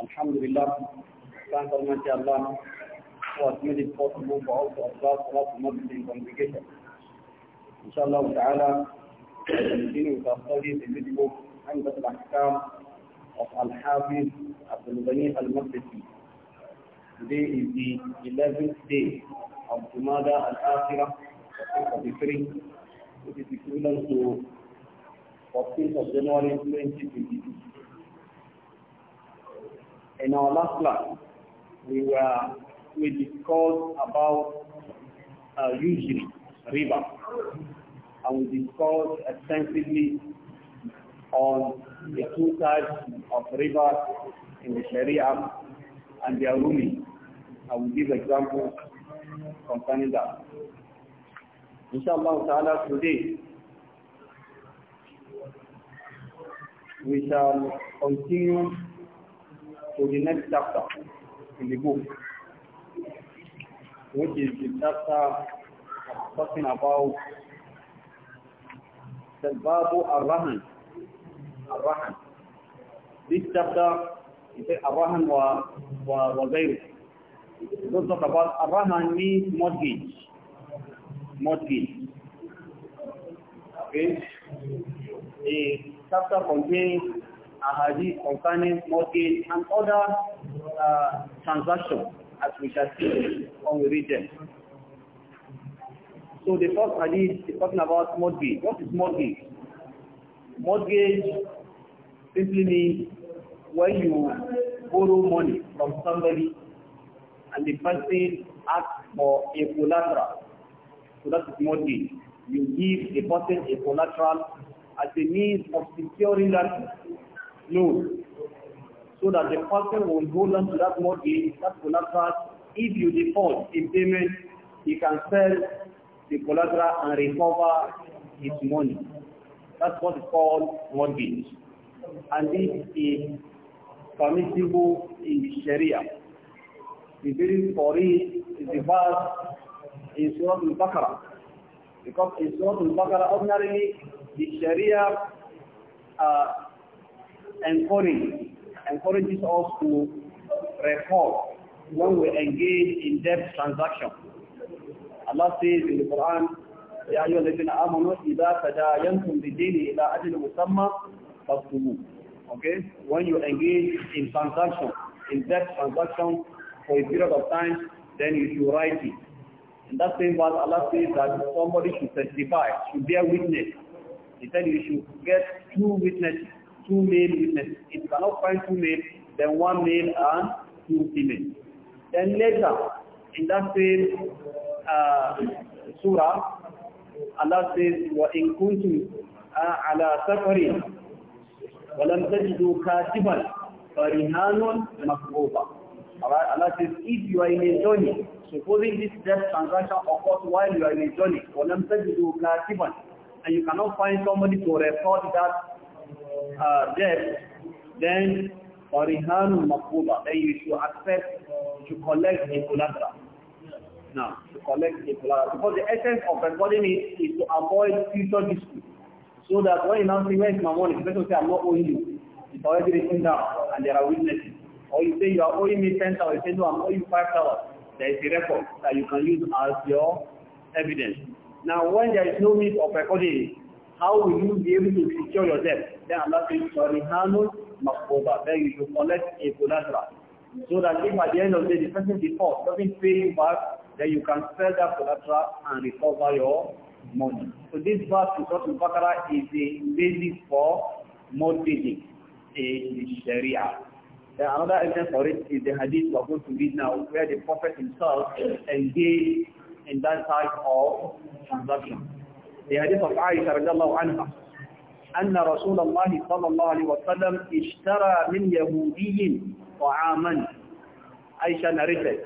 Alhamdulillah, thank Almighty Allah who has made it possible for us to observe Salat al-Maghrib in congregation. Inshallah ta'ala, continue with our studies in this book, ahkam of Al-Hafiz Abdul Ghani al Today is the 11th day of Jumada al-Akhirah, 43, which is equivalent to 14th of January 2022. In our last class, we were we discussed about uh, river, and we discussed extensively on the two types of river in the Sharia and their ruling. I will give examples concerning that. Inshallah ta'ala today we shall continue to chapter in the book, which is the chapter talking about Babu Ar-Rahan. Ar-Rahan. This chapter, is says Ar-Rahan wa, wa, wa Don't talk about Ar-Rahan means mortgage. Mortgage. Okay? The chapter contains ahadith concerning mortgage and other uh, transactions as we shall see on the region. So the first hadith is talking about mortgage. What is mortgage? Mortgage simply means when you borrow money from somebody and the person asks for a collateral. So that is mortgage. You give the person a collateral as a means of securing that so that the person will hold on to that mortgage, that collateral. If you default in payment, he can sell the collateral and recover his money. That's what is called mortgage. And this is permissible in Sharia. The very for it is the verse in Surah Al-Baqarah. Because in Surah Al-Baqarah, ordinarily, the Sharia uh, encourage, encourages us to report when we engage in debt transaction. Allah says in the Quran, يا أيها الذين آمنوا إذا تداينتم بدين إلى أجل مسمى فاكتبوه. Okay? When you engage in transaction, in debt transaction for a period of time, then you should write it. In that same verse, Allah says that somebody should testify, should bear witness. He said you should get two witnesses two male witnesses. If you cannot find two male, then one male and two female. Then later, in that same uh, surah, Allah says, وَإِن كُنْتُمْ عَلَى سَفَرٍ وَلَمْ تَجِدُوا كَاتِبًا فَرِهَانٌ مَكْبُوبًا Alright, Allah says, if you are in a journey, supposing this death transaction occurs while you are in a journey, وَلَمْ تَجِدُوا كَاتِبًا and you cannot find somebody to report that uh, then orihan Makuba, then you should accept to collect the collateral. Now, to collect the collateral. Because the essence of recording it is to avoid future dispute. So that when you now say, where's my money? The say, I'm not owing you. It's already written down and there are witnesses. Or you say, you are owing me 10,000. You say, no, I'm owing you 5,000. There is a record that you can use as your evidence. Now, when there is no means of recording, how will you be able to secure your debt? you collect a collateral. So that if at the end of the day the person defaults, doesn't pay you back, then you can sell that collateral and recover your money. So this verse in Surah Al-Baqarah is the basis for mortgaging in Sharia. Then another example for it is the hadith we are going to read now, where the Prophet himself engaged in that type of transaction. The hadith of Aisha radiallahu anha, أن رسول الله صلى الله عليه وسلم اشترى من يهودي طعاما narrated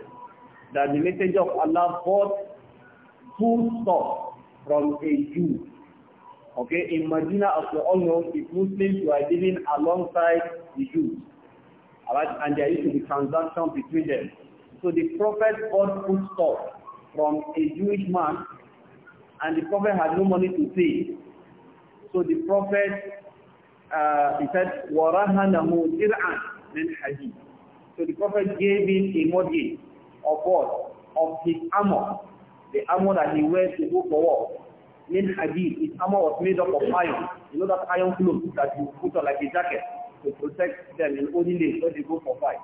that the messenger of Allah bought foodstuff from a Jew. Okay, in Medina, as we all know, the Muslims were living alongside the Jews. Alright, and there used to be transaction between them. So the Prophet bought foodstuff from a Jewish man, and the Prophet had no money to pay. So the Prophet, uh, he said, وَرَهَنَهُ تِرْعًا مِنْ حَدِيدٍ So the Prophet gave him a module of what? Of his armor. The armor that he wears to go for war. Min hadid, his armor was made up of iron. You know that iron cloth that you put on like a jacket to protect them in olden days when they go for fight.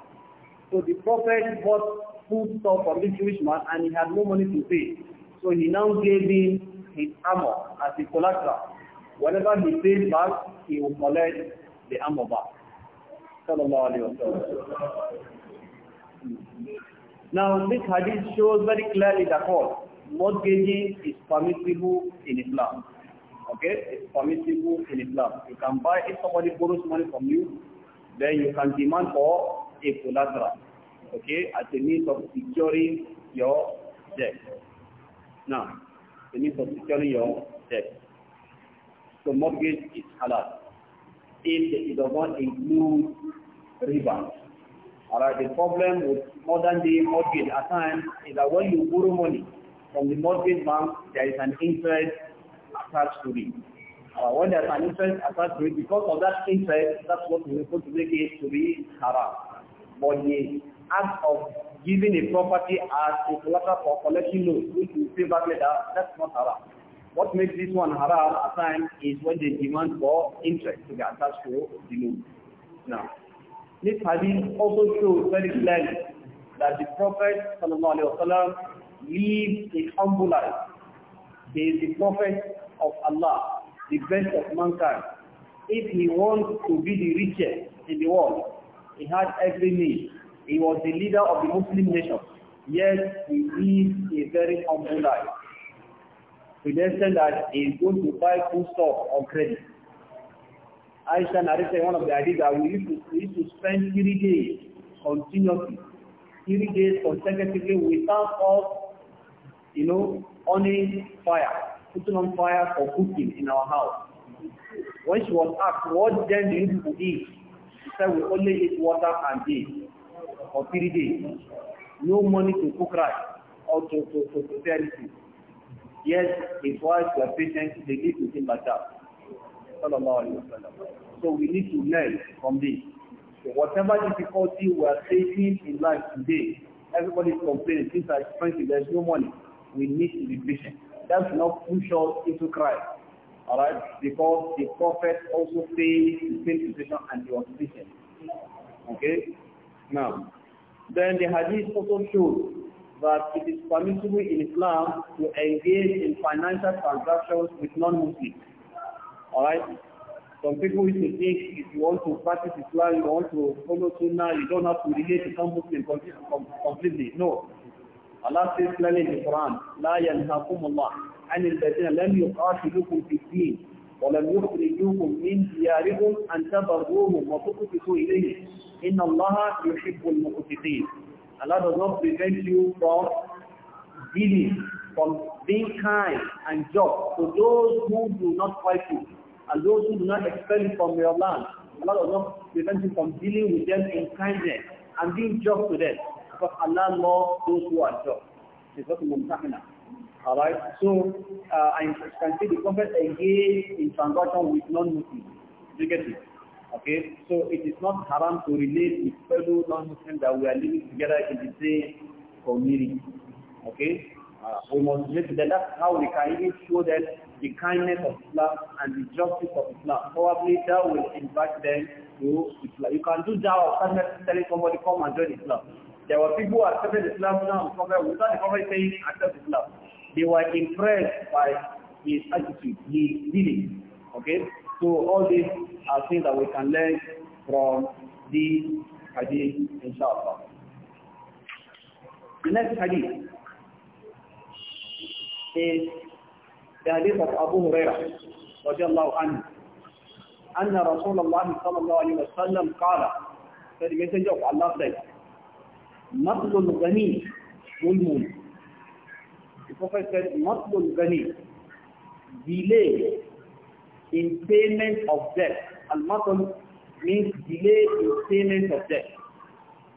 So the Prophet bought food stuff from this Jewish man and he had no money to pay. So he now gave him his armor as a collateral. Whenever he says back, he will collect the armor back. Sallallahu alayhi wa Now, this hadith shows very clearly that all mortgaging is permissible in Islam. Okay? It's permissible in Islam. You can buy, if somebody borrows money from you, then you can demand for a collateral. Okay? As a means of securing your debt. Now, the means of securing your debt. So mortgage is halal. If it does not include riba. Alright, the problem with modern day mortgage at times is that when you borrow money from the mortgage bank, there is an interest attached to it. Uh, when there's an interest attached to it, because of that interest, that's what we refer to make it to be haram. But the act of giving a property as a collateral for collecting loans, which we pay back later, that's not haram. What makes this one haram at times is when the demand for interest to be attached to the loan. Now, this hadith also shows very clearly that the Prophet wasallam lived a humble life. He is the Prophet of Allah, the best of mankind. If he wants to be the richest in the world, he had every need. He was the leader of the Muslim nation. Yet he lived a very humble life. pedestrian that he is going to buy food stock on credit. Aisha narrated one of the ideas that we used to, we used to spend three days continuously, three days consecutively without us, you know, on a fire, putting on fire for cooking in our house. When she was asked, what then do you to eat? She said, we only eat water and tea for three days. No money to cook rice or to, to, to prepare anything. Yes, if wives were patient, they live with him better. So we need to learn from this. So whatever difficulty we are facing in life today, everybody is complaining, things are expensive, there's no money. We need to be patient. That's not push us into Christ. All right, Because the prophet also faced the same situation and he was patient. Okay? Now, then the hadith also shows that it is permissible in Islam to engage in financial transactions with non-Muslims. All right? Some people used to think if you want to practice Islam, you want to follow Sunnah, you don't have to relate to non-Muslim completely. No. Allah says clearly in the Quran, لا ينهاكم الله عن الذين لم يقاتلوكم في الدين ولم يخرجوكم من دياركم أن تبروهم وتقسطوا إليهم إن الله يحب المقسطين. Allah does not prevent you from dealing from being kind and just to those who do not fight you and those who do not expel you from your land. Allah does not prevent you from dealing with them in kindness and being just to them because Allah loves those who are just. It's what Mumtahina. Alright, so uh, I can see the Prophet engaged in transaction with non-Muslims. You get it? Okay, so it is not haram to relate with fellow non-Muslims that we are living together in the same community. Okay, uh, we must live. that that's how we can even show them the kindness of Islam and the justice of Islam. Probably that will invite them to Islam. You can do that can't telling somebody come and join Islam. There were people who accepted Islam now Prophet, without the Prophet saying accept Islam. They were impressed by his attitude, his dealing. Okay? So all these are things that we can learn from the hadith, inshallah. The next hadith. إيه ثالثة أبو هريرة رضي الله عنه أن رسول الله صلى الله عليه وسلم قال فإن يسجد الله سيد نقل الغني ظلم The Prophet said, نقل الغني delay in payment of debt. Al-Matl means delay in payment of debt.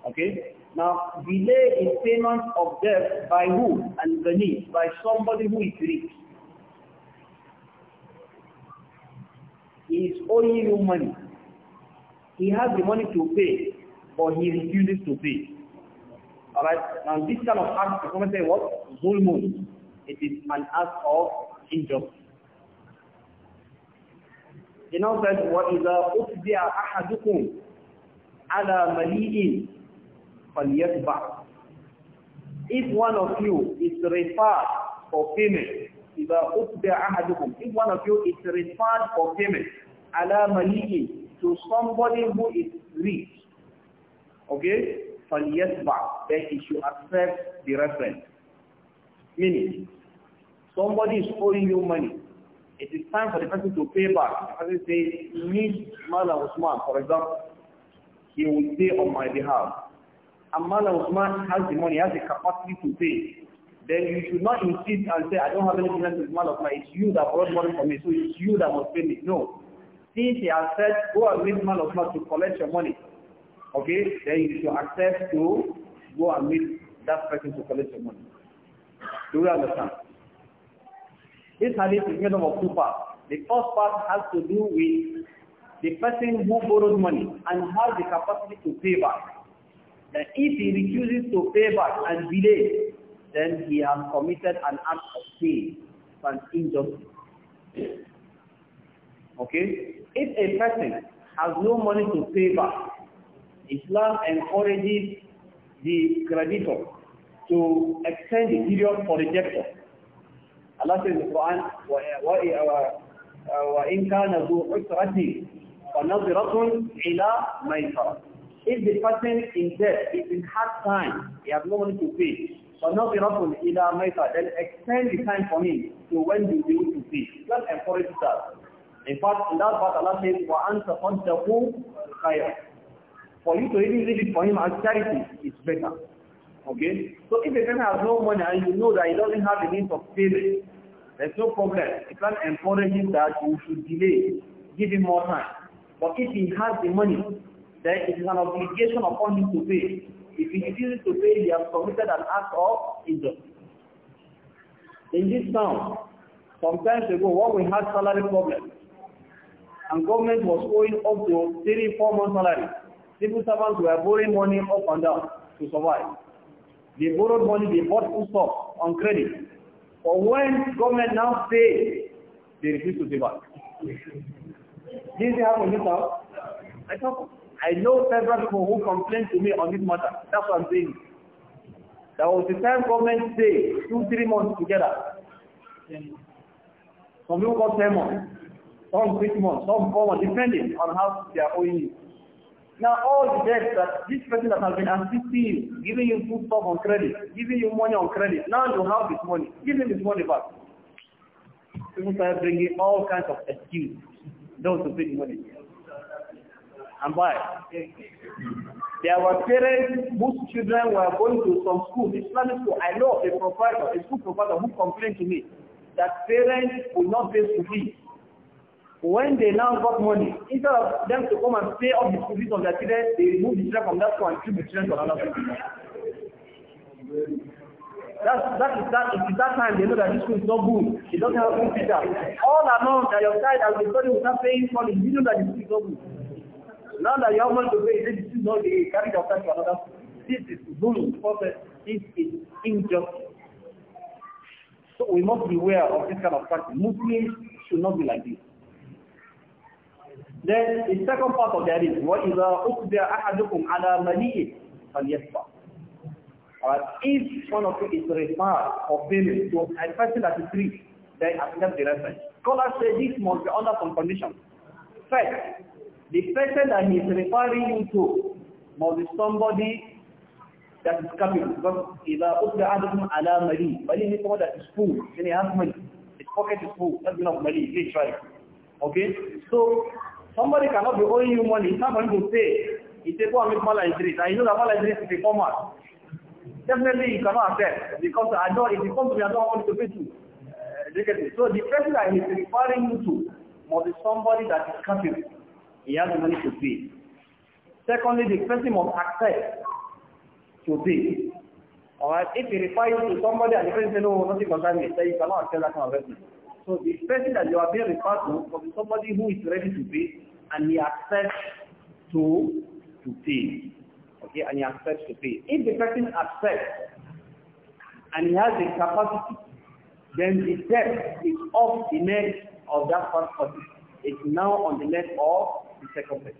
Okay? Now, delay in payment of debt by who? And need? by somebody who is rich. He is owing you money. He has the money to pay, but he refuses to pay. Alright, now this kind of act, the Prophet said what? Zulmun. It is an act of injustice. He now said, وَإِذَا أُفْدِعَ أَحَدُكُمْ عَلَى مَلِيءٍ فَلْيَتْبَعْ If one of you is referred for payment, إِذَا أُتْبَ أَحَدُكُمْ If one of you is referred for payment, عَلَى مَلِيٍ To somebody who is rich, okay? فَلْيَتْبَعْ Then he should accept the reference. Meaning, somebody is owing you money. It is time for the person to pay back. I person say, need Mala Usman, for example. He will pay on my behalf and Mala Usman has the money, has the capacity to pay, then you should not insist and say, I don't have any business with Mala Usman. It's you that brought money for me, so it's you that must pay me. No. Since he has said, go and meet Mala Usman to collect your money, okay, then you should accept to go and meet that person to collect your money. Do you understand? This hadith is made up of two parts. The first part has to do with the person who borrowed money and has the capacity to pay back that if he refuses to pay back and delay, then he has committed an act of sin and injustice. Okay? If a person has no money to pay back, Islam encourages the creditor to extend the period for the debtor. Allah says in the Quran, وَإِنْ كَانَ ذُو عُسْرَةٍ فَنَظِرَةٌ إِلَى مَيْسَرَةٍ if the person in debt is in hard time, he has no money to pay, but not be ruffled in our matter, then extend the time for him to when you will to pay. Just encourage that. In fact, in that part, Allah says, وَأَنْتَفَنْتَهُ خَيْرًا For you to even leave it for him as charity is better. Okay? So if a person has no money and you know that he doesn't have the means of payment, there's no problem. You can encourage him that you should delay, give him more time. But if he has the money, then it is an obligation upon him to pay. If he refuses to pay, he has committed an act of injustice. In this town, some times ago, when we had salary problems, and government was owing up to three, four months salary, civil servants were borrowing money up and down to survive. They borrowed money, they bought food stuff on credit. But when government now pays, they refuse to pay back. Did they have in this house? It happened. I know several people who complained to me on this matter. That's what I'm saying. There was the time government stayed two, three months together. Some people got 10 months, some 6 months, some 4 months, depending on how they are owing you. Now all the debt that this person that has been assisting you, giving you food stuff on credit, giving you money on credit, now you have this money, give him this money back. People start bringing all kinds of excuses, those to pay the money. and buy. There were parents whose children were going to some school, Islamic school. I know a provider, a school provider who complained to me that parents would not pay school fees. When they now got money, instead of them to come and pay off the school fees of their children, they removed the children from that school and took the children to another school. That's, that is that is that time they know that this school is not good. It doesn't have good teacher. All along that your child has been studying without paying money. you know that the school is not good. Now that you have money to pay, this is not the carry of offense to another. This is zulm, prophet. This is injustice. So we must beware of this kind of practice. Muslims should not be like this. Then the second part of that is what is وَإِذَا أُقْدِيَ أَحَدُكُمْ عَلَى مَنِيِّهِ فَلْيَسْفَى Alright, if one of you is referred for payment to a person that is rich, then I accept the reference. Scholars say this must be under some conditions. First, The person that he is referring you to must be somebody that is capable. Because if I إِذَا أُطْلَ عَدُكُمْ عَلَى مَلِي Mali is someone that is full. Then he has money. His pocket is full. That's enough Mali. Please try. Okay? So, somebody cannot be owing you money. It's not going to pay. He said, go and make Mala interest.' And you know that Mala Idris is a format. Definitely you cannot accept. Because I know if you come to me, I don't want to pay too. Uh, so the person that he is referring you to must be somebody that is capable he has the money to pay. Secondly, the person must accept to pay. Alright, if he refers to somebody and the person says, no, nothing concerns me, then you cannot accept that kind of person. So the person that you are being referred to must be somebody who is ready to pay and he accepts to, to pay. Okay, and he accepts to pay. If the person accepts and he has the capacity, then the debt is off the neck of that person. It's now on the neck of the second person,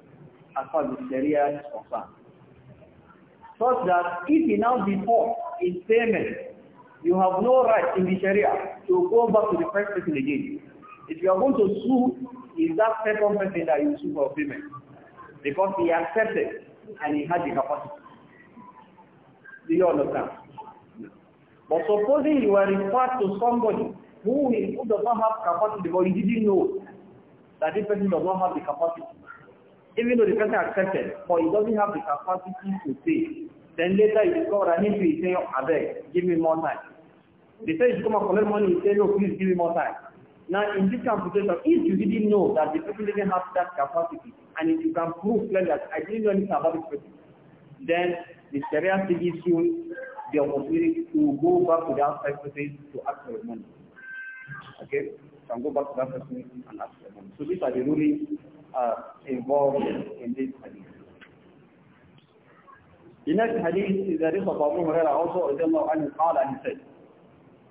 as far as the Sharia is concerned. Such that if you now default in payment, you have no right in the Sharia to go back to the first person again. If you are going to sue, is that second person that you sue for payment? Because he accepted and he had the capacity. Do you understand? But supposing you are referred to somebody who, who does not have capacity but you didn't know that this person does not have the capacity, even though the person accepted, but he doesn't have the capacity to pay. Then later he discovered, I need to say, Abeg, give me more time. They say you come and collect money, you say, no, please give me more time. Now, in this computation, if you didn't know that the person didn't have that capacity, and if you can prove clearly that I didn't know anything about this person, then the Sharia issue, gives you the opportunity to go back to that person to ask for money. Okay? You can go back to that person and ask for money. So these are the rulings are involved in this hadith. The next hadith is the hadith of Abu Hurairah also radiallahu anhu قال and he said,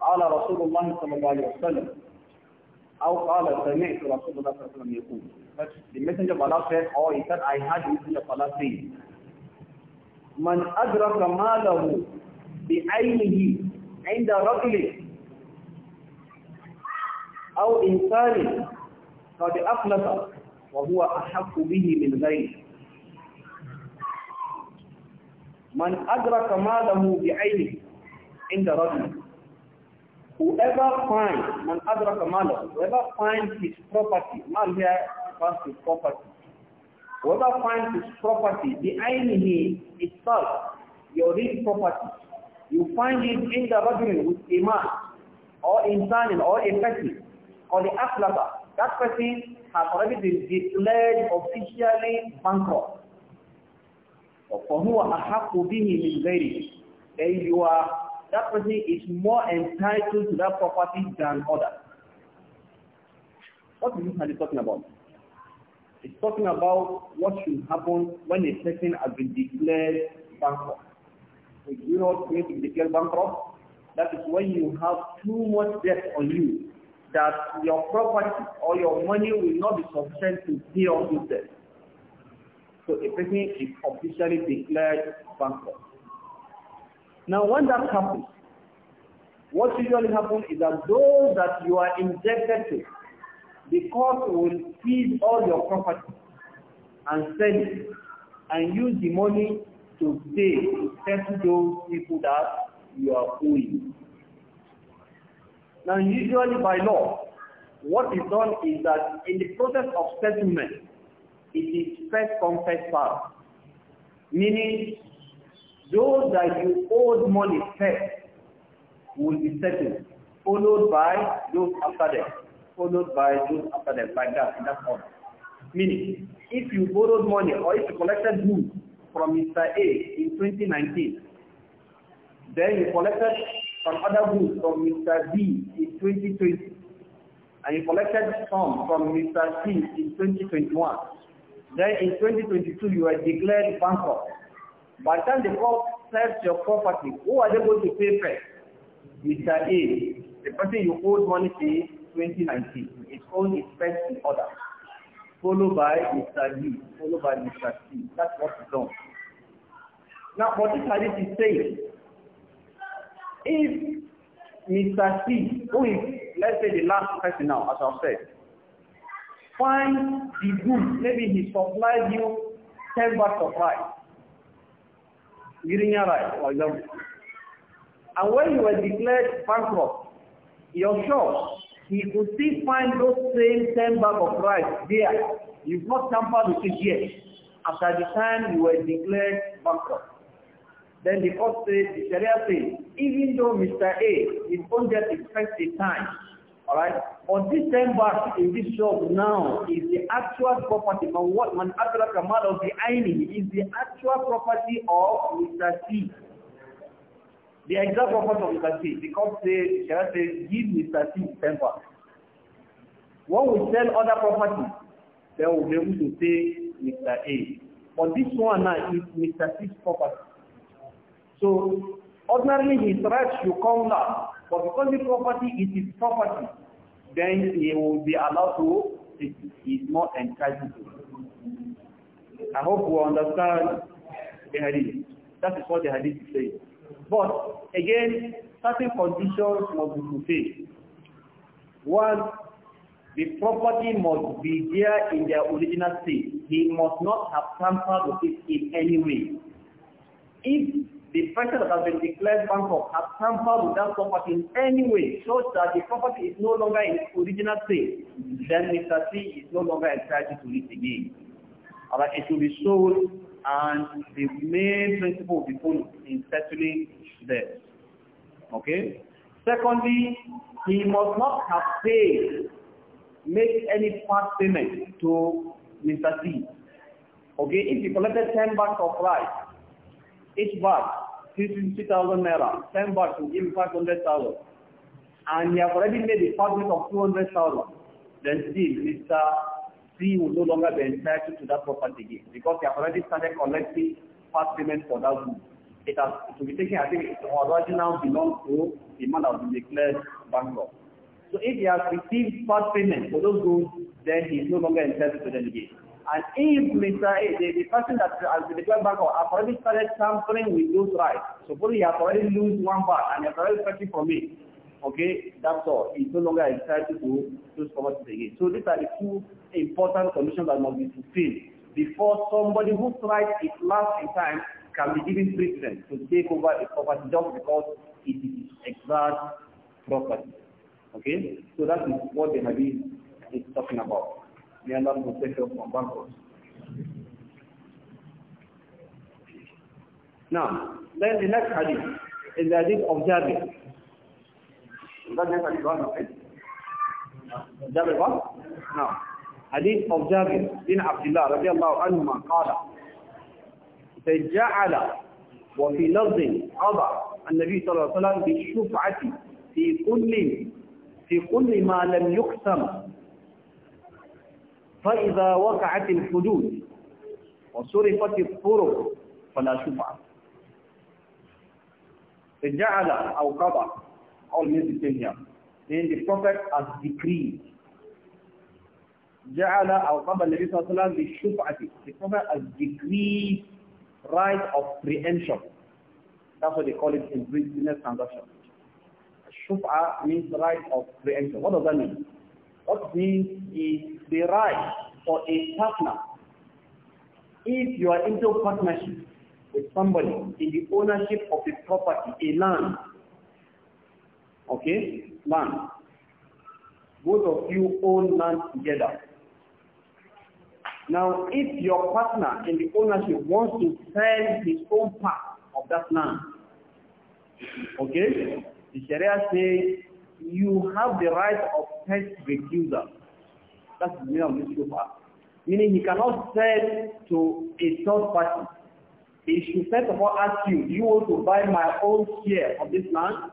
قال رسول الله صلى الله عليه وسلم أو قال سمعت رسول الله صلى But the messenger of Allah said, or oh, he said, I heard the messenger of Allah saying, من أدرك ماله بعينه عند رجله أو إنسان قد أفلس وهو أحق به من غيره من أدرك ماله بعينه عند رجل whoever finds من أدرك ماله whoever finds his property مال هي refers to property whoever finds his property بعينه itself your real property you find it in the rajul with a man or insan or a person or the aflata that person has already been declared officially bankrupt. Then you are, that person is more entitled to that property than others. What is this man talking about? It's talking about what should happen when a person has been declared bankrupt. If you know what it means to be declared bankrupt, that is when you have too much debt on you that your property or your money will not be sufficient to pay off this debt. So a person is officially declared bankrupt. Now when that happens, what usually happens is that those that you are indebted to, the court will seize all your property and sell it and use the money to pay to settle those people that you are owing. Now usually by law, what is done is that in the process of settlement, it is first come, first served. Meaning, those that you owed money first will be settled, followed by those after them, followed by those after them, like that, in that order. Meaning, if you borrowed money or if you collected goods from Mr. A in 2019, then you collected from other books from Mr. B in 2020 and you collected some from Mr. C in 2021. Then in 2022 you were declared bankrupt. By the time the court sells your property, who are they going to pay first? Mr. A, the person you owed money to 2019. It's owed expense in order. Followed by Mr. B, followed by Mr. C. That's what is done. Now what this hadith is saying If Mr. C, who is, let's say the last person now, as I've said, find the good, maybe he supplied you 10 bags of rice, Girinya rice, for example. And when you were declared bankrupt, your shop, he could still find those same 10 bags of rice there. You've not tampered with it yet, after the time you were declared bankrupt. Then the court says, the Sharia says, even though Mr. A, his own death is first in time, all right, on this same back in this shop now is the actual property, but what man after the command of the Aini is the actual property of Mr. C. The exact property of Mr. C, because the Sharia says, give Mr. C temper. When we sell other property, then we'll be able to say Mr. A. But this one now is Mr. C's property. So ordinarily his rights should come now, but because the property is his property, then he will be allowed to, he is not entitled to. I hope we understand the hadith. That is what the hadith is saying. But again, certain conditions must be fulfilled. One, the property must be there in their original state. He must not have tampered with it in any way. If the person that has been declared bankrupt has tampered with that property in any way, such that the property is no longer in original state, then Mr. C is no longer entitled to it again. it will be sold and the main principle will be followed in settling debt. Okay? Secondly, he must not have paid, make any part payment to Mr. C. Okay, if he collected 10 bags of rice, each bag 350,000 naira, 10 bucks will give 500,000. And you have already made a profit of 200,000. Then still, Mr. C will no longer be entitled to that property again because you have already started collecting part payment for that room. It has to will be taken, I think, it already now belongs to the man that will be declared bankrupt. So if he has received part payment for those goods, then he is no longer entitled to them again. And if Mr. A, the, the person that has the declared bank has already started tampering with those rights, suppose he has already lose one part and he has already taken for me, okay, that's all. He's no longer entitled to those properties again. So these are the two important conditions that must be fulfilled before somebody who tried it last in time can be given precedence to take over a property just because it is exact property. Okay? So that is what have been. نعم لان هناك حديث إلا جد او جابر جابر بن نعم حديث او جابر بن عبد الله رضي الله عنهما قال تجعل وفي لفظ قضى النبي صلى الله عليه وسلم بالشفعة في كل في كل ما لم يقسم فإذا وقعت الحدود وصرفت الطرق فلا شفعة فجعل أو قضى all means the same here then the prophet has decreed جعل أو قضى النبي صلى الله عليه وسلم بالشفعة the prophet has decreed right of preemption that's what they call it in business transaction الشفعة means right of preemption what does that mean What means is the right for a partner. If you are into partnership with somebody in the ownership of a property, a land, okay, land, both of you own land together. Now, if your partner in the ownership wants to sell his own part of that land, okay, the Sharia says you have the right of first refusal. That's the meaning of this shofar. Meaning he cannot sell to a third party. He should first of all ask you, do you want to buy my own share of this land?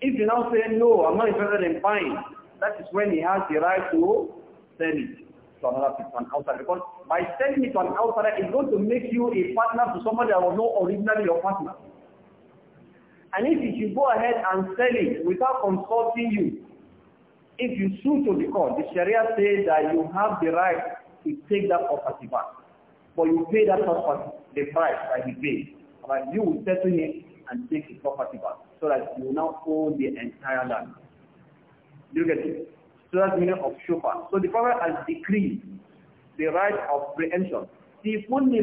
If you now say, no, I'm not interested in buying, that is when he has the right to sell it to another person, outside. Because by selling it to an outsider, it's going to make you a partner to somebody that was not originally your partner. And if you should go ahead and sell it without consulting you, if you sue to the court, the Sharia says that you have the right to take that property back. But you pay that property the price that he paid. But you will settle him and take the property back so that you now own the entire land. Do you get it? So that's the meaning of shofar. So the Prophet has decreed the right of preemption. In every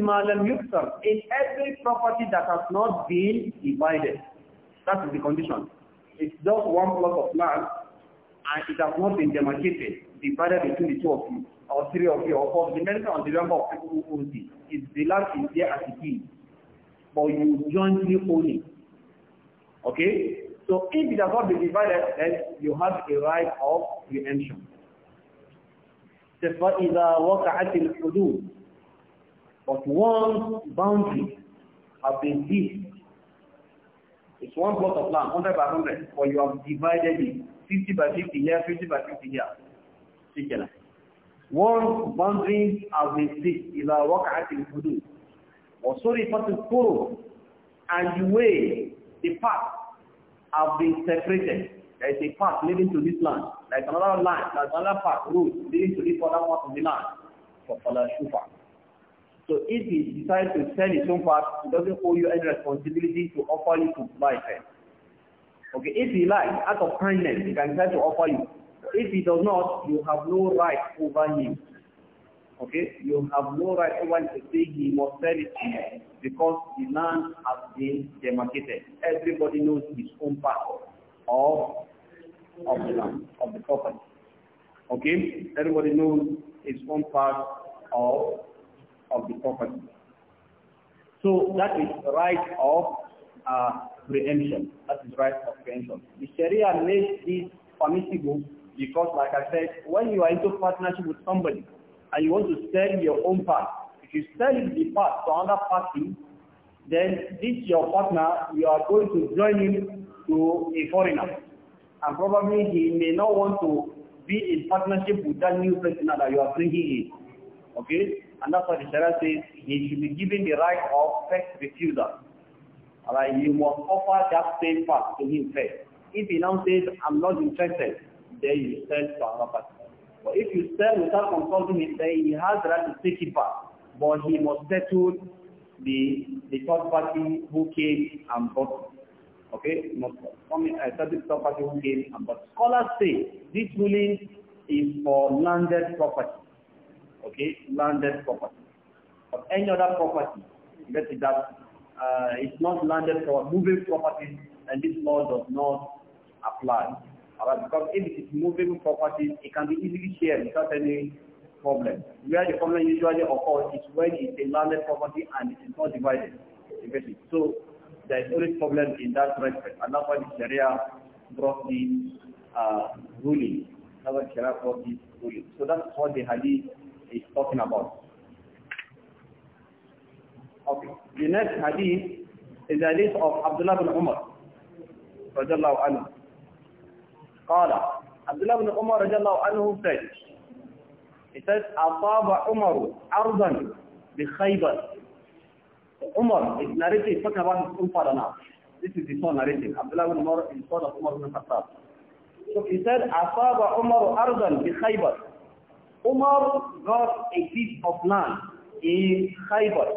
property that has not been divided, That is the condition. It's just one plot of land and it has not been demarcated, divided between the two of you, or three of you, or four, depending on the number of people who own it. If the land is there as it is, but you jointly own it. Okay? So if it has not been divided, then you have a right of preemption. فَإِذَا وَقَعَتِ الْحُدُودِ But one boundary have been hit It's one block of land, 100 by 100, but you have divided it 50 by 50 here, 50 by 50 here. See, One boundaries have been set. is a work at the hudu. Or sorry, part of Koro, and the way, the path have been separated. There is a path leading to this land. like another land, there another path, road leading to this other part of the land. For Fala Shufa. So if he decides to sell his own part, he doesn't owe you any responsibility to offer you to buy it. Okay, if he likes, out of kindness, he can try to offer you. If he does not, you have no right over him. Okay, you have no right over him to say he must sell it because the land has been demarcated. Everybody knows his own part of, of the land, of the property. Okay, everybody knows his own part of of the property. So that is right of uh, preemption. That is right of preemption. The Sharia makes this permissible because, like I said, when you are into partnership with somebody and you want to sell your own part, if you sell the part to another party, then this your partner, you are going to join him to a foreigner. And probably he may not want to be in partnership with that new person that you are bringing in. Okay? And that's the says he should be given the right of first refusal. Alright, you must offer that same part to him first. If he now says, I'm not interested, then you sell to another person. But if you sell without consulting him, then he has the right to take it back. But he must settle the the third party who came and bought. Okay, must come in uh, the third party who came and bought. Scholars say this ruling is for landed property okay, landed property. Of any other property, let's say that uh, it's not landed for moving property, and this law does not apply. Right, because if it is moving property, it can be easily shared without any problem. Where the problem usually occurs is when it's a landed property and it is not divided. Basically. So there is always problem in that respect. And that's why the Sharia brought the uh, ruling. That's why Sharia brought this ruling. So that's what the Hadith is talking about. Okay. The next hadith is the hadith of Abdullah bin Umar رضي الله عنه Abdullah bin Umar بن عمر رضي الله said he says أصاب عمر أرضا بخيبر Umar is narrating talking about his own father now this is his own narrating Abdullah bin Umar is son of Umar bin Khattab so he said أصاب عمر أرضا بخيبر Umar got a piece of land in Khaybar.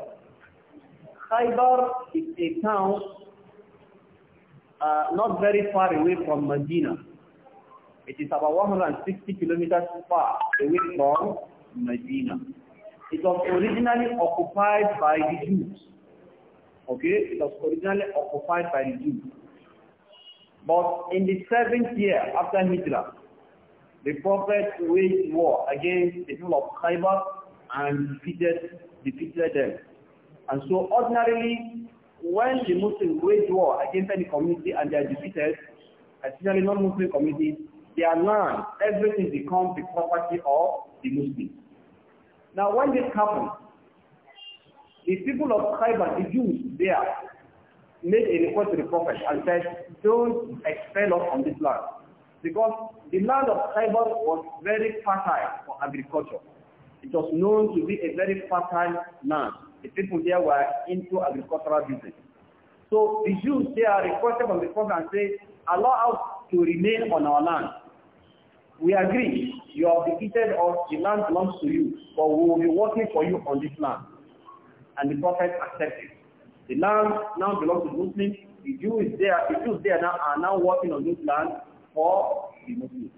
Khaybar is a town uh, not very far away from Medina. It is about 160 kilometers far away from Medina. It was originally occupied by the Jews. Okay, it was originally occupied by the Jews. But in the seventh year after Hijrah, the Prophet waged war against the people of Khaybar and defeated, defeated them. And so ordinarily, when the Muslims wage war against any community and they are defeated, especially non-Muslim communities, they are land, everything becomes the property of the Muslims. Now when this happened, the people of Khaybar, the Jews there, made a request to the Prophet and said, don't expel us from this land. because the land of Khyber was very fertile for agriculture. It was known to be a very fertile land. The people there were into agricultural business. So the Jews they are requested from the Prophet and say, allow us to remain on our land. We agree, you have defeated us, the land belongs to you, but we will be working for you on this land. And the Prophet accepted. The land now belongs to Muslims. The Jews there, the Jews there now are now working on this land for Muslims.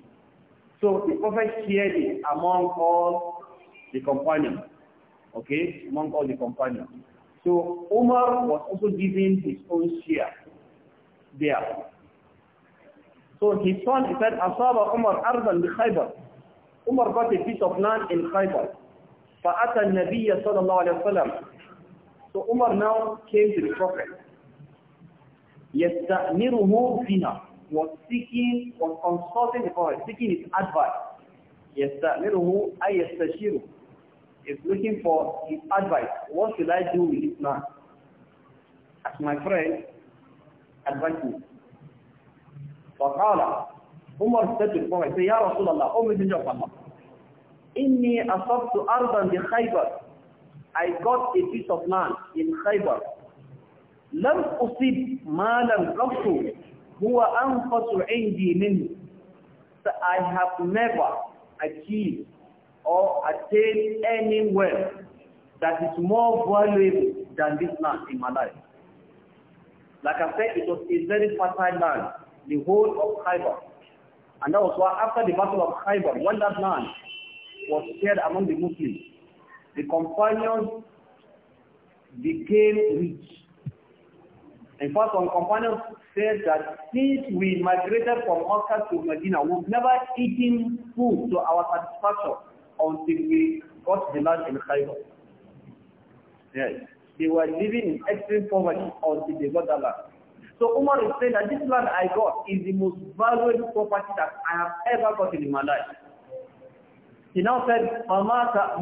So the Prophet shared it among all the companions. Okay, among all the companions. So Omar was also giving his own share there. So his son, he said, Asaba Umar Ardan bi Khaybar. Umar got a piece of land in Khaybar. فأتى النبي صلى الله عليه وسلم So Umar now came to the Prophet. يستأمره فيها was seeking, was consulting the Prophet, seeking his advice. يَسْتَأْمِرُهُ أَيْ يَسْتَشِيرُ is looking for his advice. What should I do with this man? As my friend, advise me. فَقَالَ Umar said to the Prophet, say, Ya Rasulallah, O Messenger of Allah, إِنِّي أَصَبْتُ أَرْضًا بِخَيْبَرٍ I got a piece of land in Khaybar. لم أصيب مالا قط huwa anfasu indi min. So I have never achieved or attained any wealth that is more valuable than this land in my life. Like I said, it was a very fertile land, the whole of Khyber. And that was why after the Battle of Khyber, when that land was shared among the Muslims, the companions became rich in fact, some companions said that since we migrated from Mecca to Medina, we've never eaten food to our satisfaction until we got the land in Cairo. Yes. They were living in extreme poverty until they got the land. So Umar is saying that this land I got is the most valuable property that I have ever gotten in my life. He now said, Mama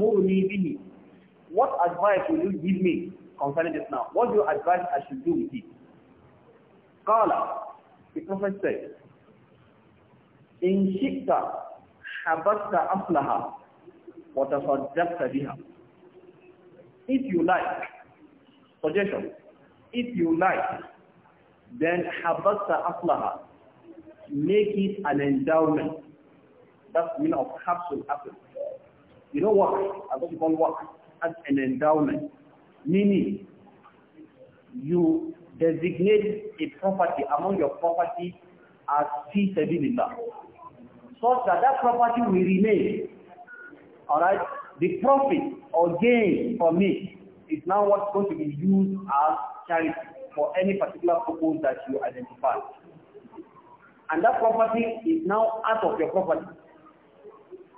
What advice will you give me concerning this now? What do you advise I should do with it? Qala, the Prophet said, In shikta habasta aslaha wa tasaddaqta biha. If you like, suggestion, if you like, then habasta aslaha, make it an endowment. That's the meaning of capsule apple. You know what? I what you call what. as an endowment. Meaning, you designate a property among your property as fi sabilillah. So that that property will remain. Alright? The profit or gain for me is now what's going to be used as charity for any particular purpose that you identify. And that property is now out of your property.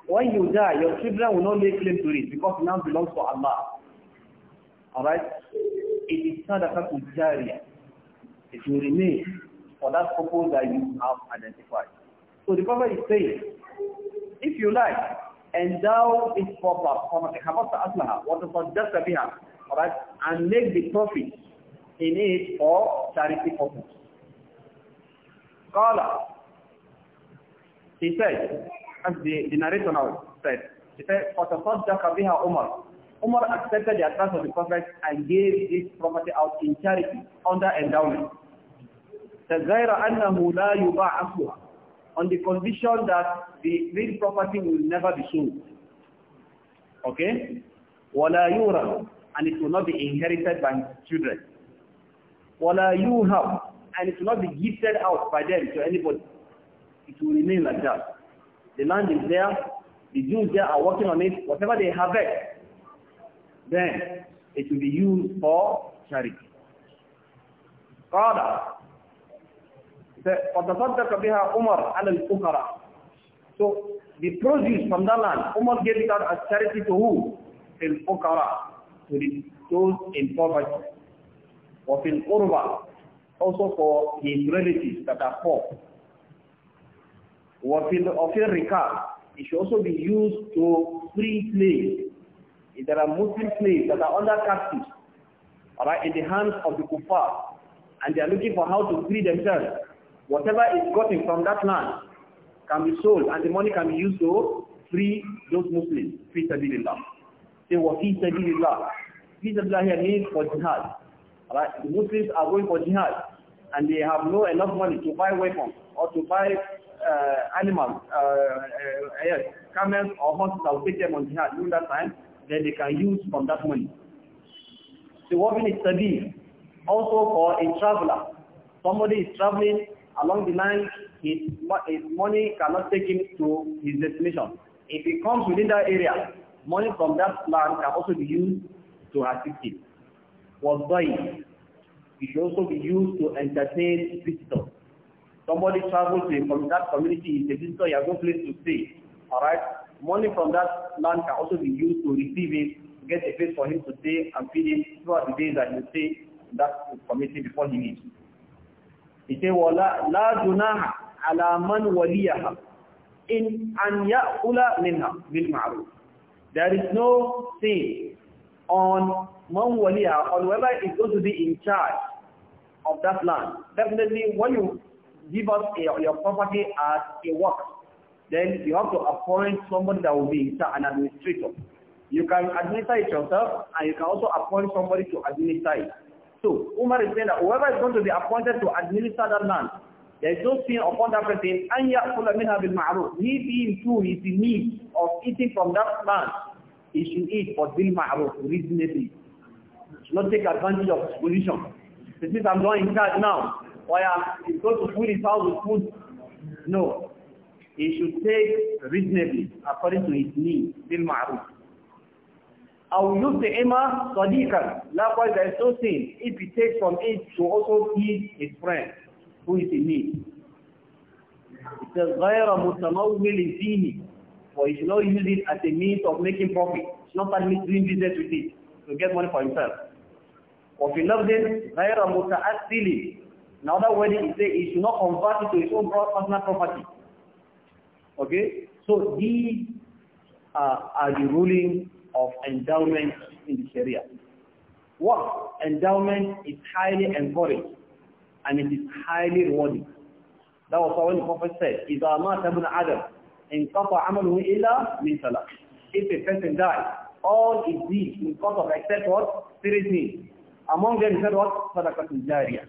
When you die, your children will not lay claim to it because it now belongs to Allah. Alright? It is not a jariya. It will remain for that purpose that you have identified. So the Prophet is saying, if you like, endow this purpose, وتصدق بها, right? and make the profit in it for charity purpose. Kala, he said, as the, the narrator now said, he said, فتصدق بها عمر Umar accepted the advice of the Prophet and gave this property out in charity under endowment. تغير أنه لا يباع on the condition that the real property will never be sold. Okay? وَلَا يُورَى And it will not be inherited by children. وَلَا يُوهَى And it will not be gifted out by them to anybody. It will remain like that. The land is there. The Jews there are working on it. Whatever they harvest, then it will be used for charity. قال فتصدق بها عمر على الفقراء So the produce from that land, Umar gave it out as charity to who? Fil Fuqara, to the, those in poverty. Or Fil Urba, also for his relatives that are poor. Or Fil Rika, it should also be used to free slaves there are Muslim slaves that are under captivity, all right, in the hands of the kuffar, and they are looking for how to free themselves. Whatever is gotten from that land can be sold, and the money can be used to free those Muslims. Free sabilillah. They were free sabilillah. Free sabilillah here means for jihad. All right, the Muslims are going for jihad, and they have no enough money to buy weapons or to buy uh, animals, uh, uh, yes, camels or horses. to will take them on jihad during that time that they can use from that money. So is sabil, also for a traveler. Somebody is traveling along the line, his, his money cannot take him to his destination. If he comes within that area, money from that land can also be used to assist him. Was buying. It should also be used to entertain visitors. Somebody travels to a, from that community, is a visitor, you have no place to stay. Alright? Money from that land can also be used to receive it, to get a place for him to stay and feed him throughout the days that he will stay in that community before he leaves. He said, la لَا جُنَاهَ عَلَى مَنْ وَلِيَهَا إِنْ أَنْ يَأْكُلَ There is no sin on man waliya, on whoever is going to be in charge of that land. Definitely when you give us your property as a work, then you have to appoint somebody that will be an administrator. You can administer it yourself, and you can also appoint somebody to administer it. So Umar is saying that whoever is going to be appointed to administer that land, there is no sin upon that person, and يَأْكُلَ Bin بِالْمَعْرُوفِ He being too is in need of eating from that land, he should eat for بِالْمَعْرُوفِ reasonably. Should not take advantage of his position. This is I'm going in charge now. Why I'm uh, going to food his house with food? No. he should take reasonably according to his need, bil ma'ruf. Aw yut'ima sadiqan. Likewise, there is no sin if he takes from it to also feed his friend who is in need. It says, غَيْرَ مُتَمَوِّلٍ فِيهِ For he should not use it as a means of making profit. He should not start doing business with it to get money for himself. وَفِي لَفْزٍ غَيْرَ مُتَأَثِّلٍ In other words, he says he should not convert it to his own personal property. Okay? So these are, uh, are the ruling of endowment in the Sharia. What? Endowment is highly encouraged and it is highly rewarding. That was what the Prophet said, إِذَا مَاتَ ابْنَ عَدَمْ انْقَطَ عَمَلُهُ إِلَّا مِنْ If a person dies, all his deeds in cut off except what? Three things. Among them is what? صَدَقَةٌ جَارِيَةٌ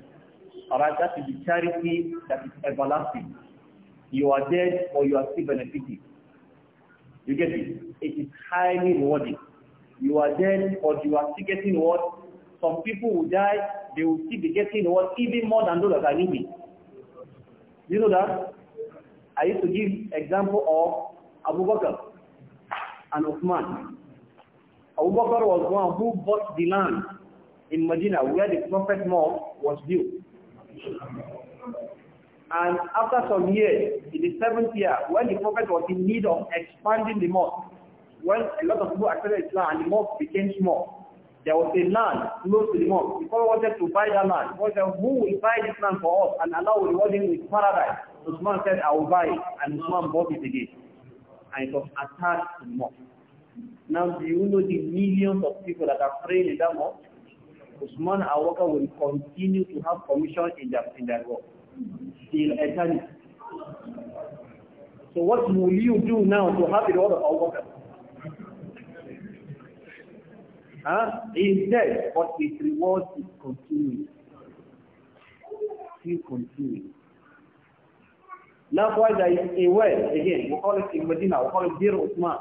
Alright, that is the charity that is everlasting. you are dead or you are still benefiting. You get it? It is highly rewarding. You are dead or you are still getting what? Some people will die, they will still be getting what? Even more than those that are living. You know that? I used to give example of Abu Bakr and Uthman. Abu Bakr was one who bought the land in Medina where the Prophet Mosque was built. And after some years, in the seventh year, when the Prophet was in need of expanding the mosque, when a lot of people accepted Islam and the mosque became small, there was a land close to the mosque. The Prophet wanted to buy that land. He said, who will buy this land for us and allow reward him with paradise? Usman said, I will buy it. And Usman bought it again. And it was attached to the mosque. Now, do you know the millions of people that are praying in that mosque? Usman Awaka will continue to have commission in their, in their work. till eternity. So what will you do now to have it all of our water? Huh? He is dead, but his reward is continuing. Still continuing. Likewise, there is a well, again, we call it in Medina, we call it Bir Uthman.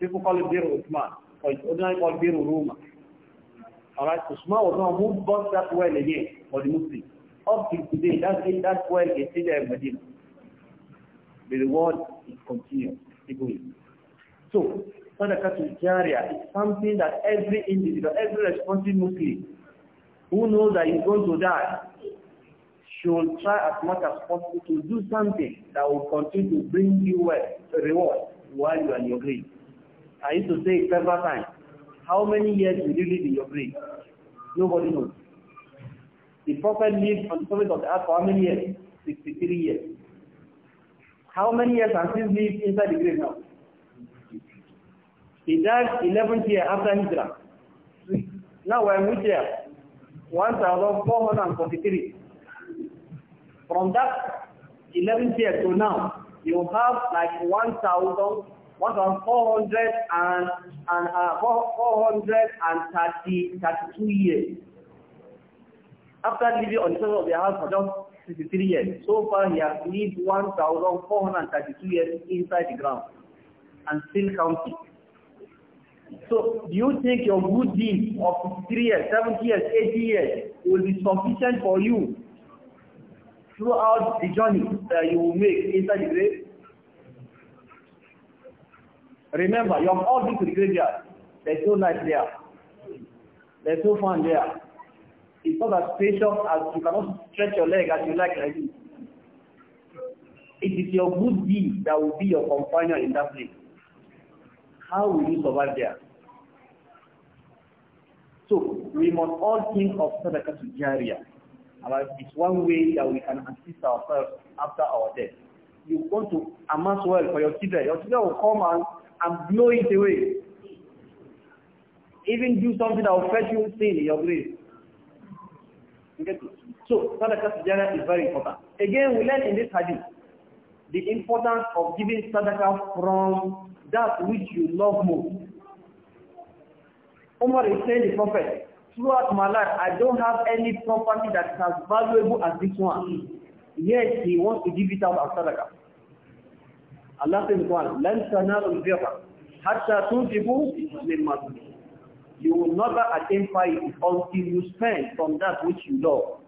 People call it Bir Uthman, or it's ordinarily called Bir All right, Uthman was not who bought that well again for the Muslims. up till today, that's that's where well is still The reward is continuous, people. So, to Jariya is something that every individual, every responsible Muslim who knows that he's going to die should try as much as possible to do something that will continue to bring you wealth, reward while you are in your grave. I used to say several times, how many years will you live in your grave? Nobody knows. The Prophet lived on the of the earth for how many years? 63 years. How many years has he lived inside the grave now? He died 11th year after Hijrah. Now we're in which year? 1443. From that 11th year to now, you have like 1,000 1,432 uh, 400 years. After living on the of the house for just 63 years, so far he has lived 1,432 years inside the ground and still counting. So do you think your good deeds of 63 years, 70 years, 80 years will be sufficient for you throughout the journey that you will make inside the grave? Remember, you have all been to the graveyard. There's no life there. There's no fun there. It's not as spacious as you cannot stretch your leg as you like like this. It is your good deed that will be your companion in that place. How will you survive there? So we must all think of Sadaqatul Jariyah. It's one way that we can assist ourselves after our death. You want to amass well for your children. Your children will come and, and blow it away. Even do something that will fetch you sin in your grave. So, sadaqah sujana is very important. Again, we learn in this hadith the importance of giving sadaqah from that which you love most. Umar is saying the prophet, throughout my life, I don't have any property that is as valuable as this one. Yet, he wants to give it out as sadaqah. Allah says, one, learn لَنْ تَنَالُ الْبِرَّ حَتَّى تُنْفِقُوا مِمَّا تُنْفِقُونَ you will never identify it until you spend from that which you love.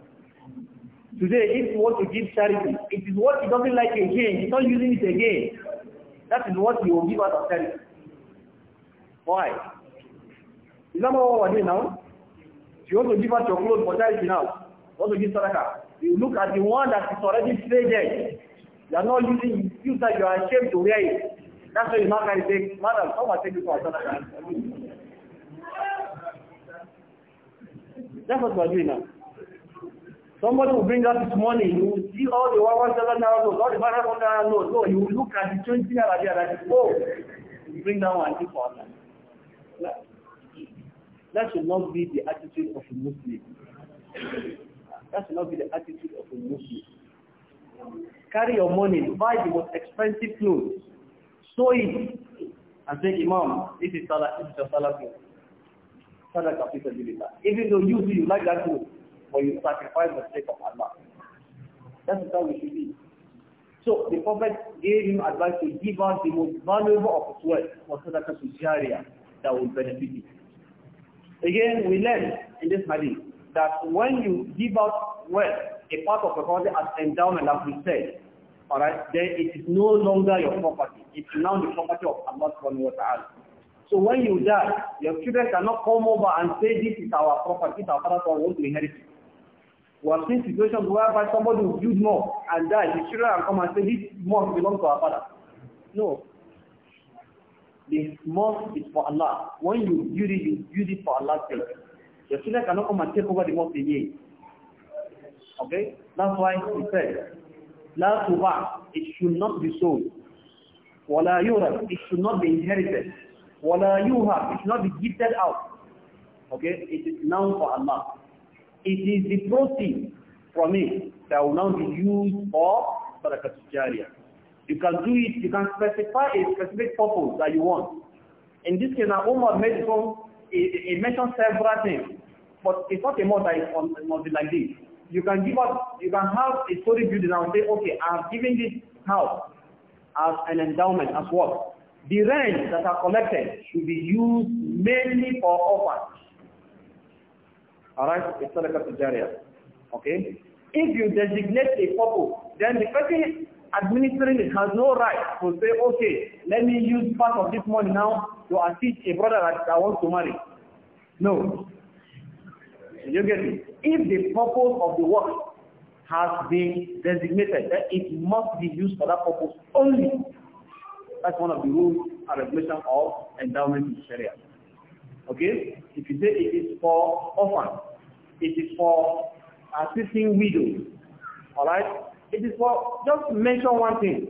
Today, if you want to give charity, it is what you doesn't like again, you're not using it again. That is what you will give out of charity. Why? Is that what we're doing now? If you want to give out your clothes for charity now, you want to give Saraka? you look at the one that is already traded. You are not using it, you that you are ashamed to wear it. That's why you're not going to take, madam, come and take it for sadaka. That's what we're doing now. Somebody will bring out this money, you will see all the one thousand naira notes, all the five hundred naira notes. So you will look at the twenty naira there and say, oh, you bring that one and for that. That, should not be the attitude of a Muslim. That should not be the attitude of a Muslim. Carry your money, buy the most expensive clothes, sew it, and say, Imam, this is this is your Salah clothes. Sadaqah fi sabilillah. Even though you you like that too, but you sacrifice the sake of Allah. That's how we should be. So the Prophet gave him advice to give us the most valuable of his wealth for Sadaqah Sujaria that will benefit you. Again, we learn in this hadith that when you give out wealth, a part of the property as endowment, as we said, all right, then it is no longer your property. It's now the property of Allah subhanahu wa ta'ala. So when you die, your children cannot come over and say this is our property, our father's or won't inherit it. We have seen situations whereby somebody will build more and die. The children will come and say this mosque belongs to our father. No. this mosque is for Allah. When you build it, you build it for Allah's sake. Your children cannot come and take over the mosque again. Okay? That's why he said, La tuba, it should not be sold. Wala yura, it should not be inherited. Wala yuha, it should not be gifted out. Okay, it is now for Allah. It is the proceeds from it that will now be used for sadaqat jariyah. You can do it, you can specify a specific purpose that you want. In this case, now Umar made it, mentioned several things, but it's not a must it must be like this. You can give up, you can have a story building and say, okay, I've given this house as an endowment, as what? The rents that are collected should be used mainly for orphans. Alright, it's not a area. Okay? If you designate a purpose, then the person administering it has no right to say, okay, let me use part of this money now to assist a brother that I want to marry. No. You get me? If the purpose of the work has been designated, then it must be used for that purpose only. That's one of the rules and regulation of endowment in Sharia. Okay? If you say it is for orphans, it is for assisting widows, right, It is for, just mention one thing,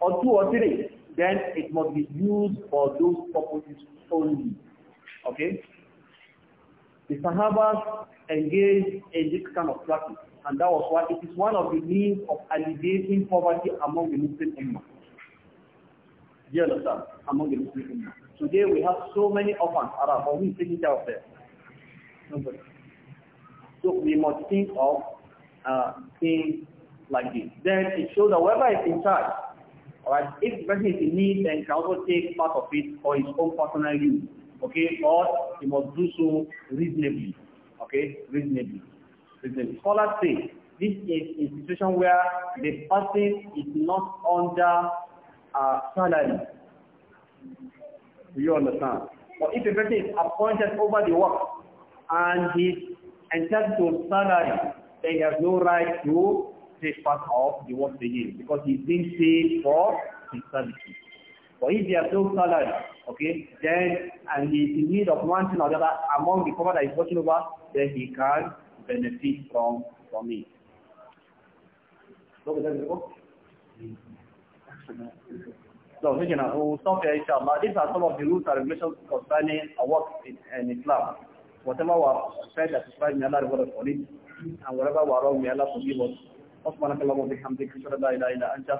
or two or three, then it must be used for those purposes only. Okay? The Sahabas engaged in this kind of practice, and that was why it is one of the means of alleviating poverty among the Muslim Ummah. Dear of among the Muslim Today we have so many orphans around, but we taking care of them. Nobody. So we must think of uh, things like this. Then it shows that whoever is in charge, alright, if the person is in need, then can also take part of it for his own personal use. Okay, or he must do so reasonably. Okay, reasonably. Reasonably. Scholars say this is a situation where the person is not under are salary. Do you understand? But if a person is appointed over the work and he entitled to salary, then he has no right to take part of the work again because he's being paid for his services. But if he has no salary, okay, then and he's in need of one thing or the other among the cover that he's working over, then he can benefit from from it. So, so we can uh, we'll stop here inshallah. These are some of the rules and regulations concerning our work in, in Islam. Whatever was said that is right, may Allah reward us for it. And whatever we are wrong, may Allah forgive us. سبحانك اللهم وبحمدك اشهد La Ilaha اله الا انت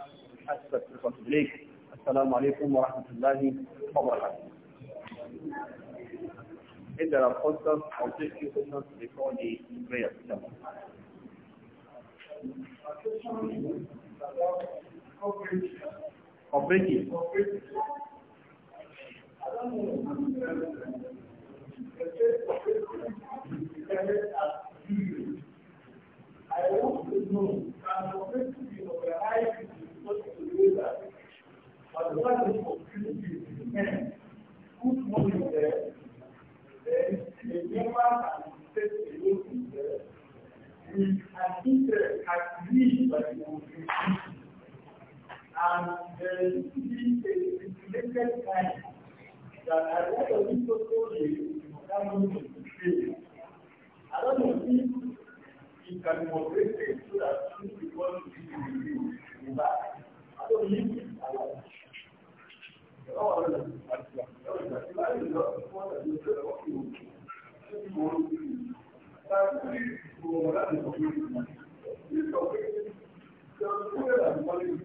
استغفرك واتوب اليك السلام If there are questions, I'll take few questions before the prayer of breaking. I want to know can of be organized in such a way that for the opportunity is the man put money there, then the member and a loan in there And an interest at by the and the related time that I read a little story that movement is I don't know if it can be motivated so that two want to be But I don't need it allowed. Oh, I don't know. I don't know. I don't know.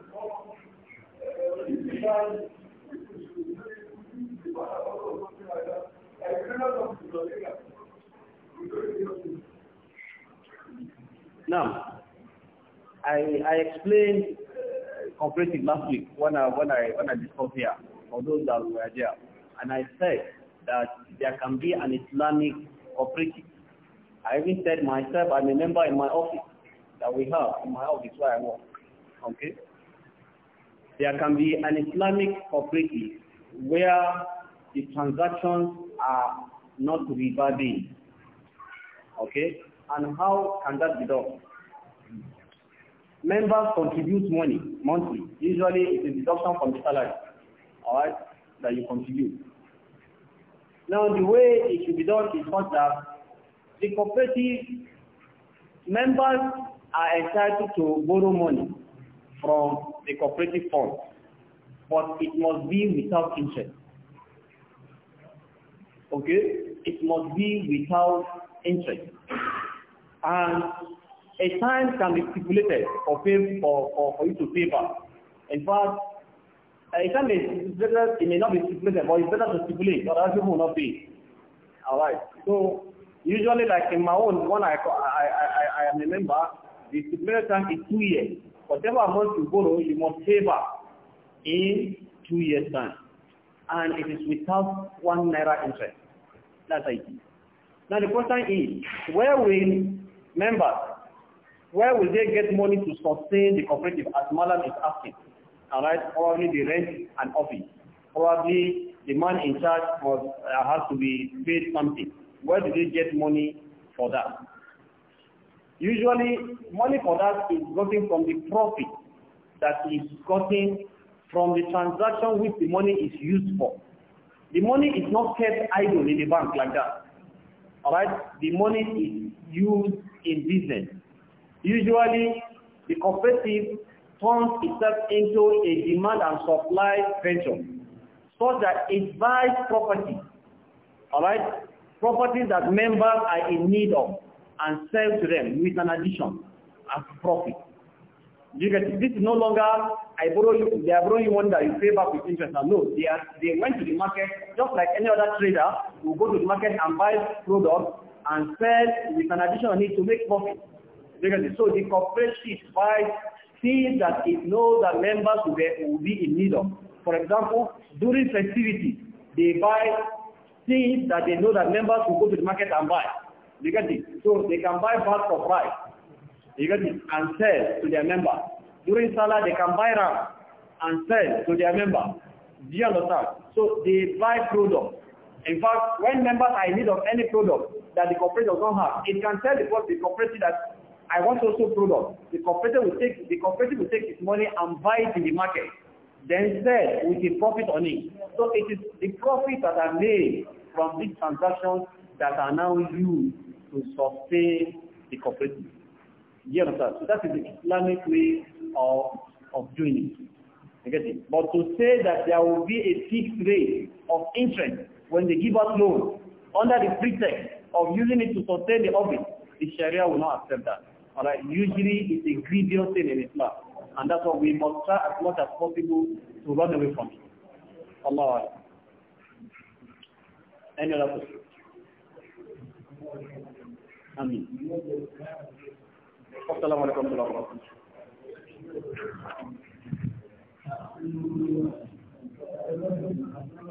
Now, I, I explained cooperative last week when I, when I, when I discussed here, for those that were there, and I said that there can be an Islamic cooperative. I even said myself, I'm a member in my office that we have, in my office where I work. Okay? there can be an Islamic cooperative where the transactions are not riba based. Okay? And how can that be done? Members contribute money monthly. Usually it's a deduction from the salary, alright, that you contribute. Now the way it should be done is such that the cooperative members are entitled to borrow money from the cooperative fund, but it must be without interest. Okay? It must be without interest. And a time can be stipulated for, pay, for, for, for you to pay back. In fact, a time is better, it may not be stipulated, but it's better to stipulate, but it people will not pay. Alright. So, usually like in my own, one I, I, I, I am a member, the stipulated time is two years. Whatever amount you borrow, you must pay back in two years' time. And it is without one naira interest. That's it. Now the question is, where will members, where will they get money to sustain the cooperative as Malam is asking? All right, probably the rent and office. Probably the man in charge must, uh, has to be paid something. Where do they get money for that? Usually, money for that is gotten from the profit that is gotten from the transaction which the money is used for. The money is not kept idle in the bank like that. All right? The money is used in business. Usually, the cooperative turns itself into a demand and supply venture so that it buys property, all right? Property that members are in need of and sell to them with an addition as profit. You get it? This is no longer, I borrow you, they are borrowing you one that you pay back with interest. no, they, are, they went to the market, just like any other trader who go to the market and buy products and sell with an additional need to make profit. You get it? So the cooperative buys things that it knows that members will be, will be in need of. For example, during festivities, they buy things that they know that members will go to the market and buy. You get it? So they can buy part of rice. You get it? And sell to their member. During Salah, they can buy ram and sell to their member. Do you understand? So they buy products. In fact, when members are in need of any product that the cooperative does not have, it can tell the, the cooperative that I want also product. The cooperative will take the corporate will take its money and buy it in the market, then sell with a profit on it. So it is the profit that are made from these transactions that are now used to sustain the cooperative. You understand? So that is the Islamic way of, of doing it. You get it? But to say that there will be a fixed rate of interest when they give us loans under the pretext of using it to sustain the office, the Sharia will not accept that. All right? Usually it's a grievous thing in Islam. And that's what we must try as much as possible to run away from it. Allah. Any other question? আমিন আসসালামু আলাইকুম ওয়া রাহমাতুল্লাহ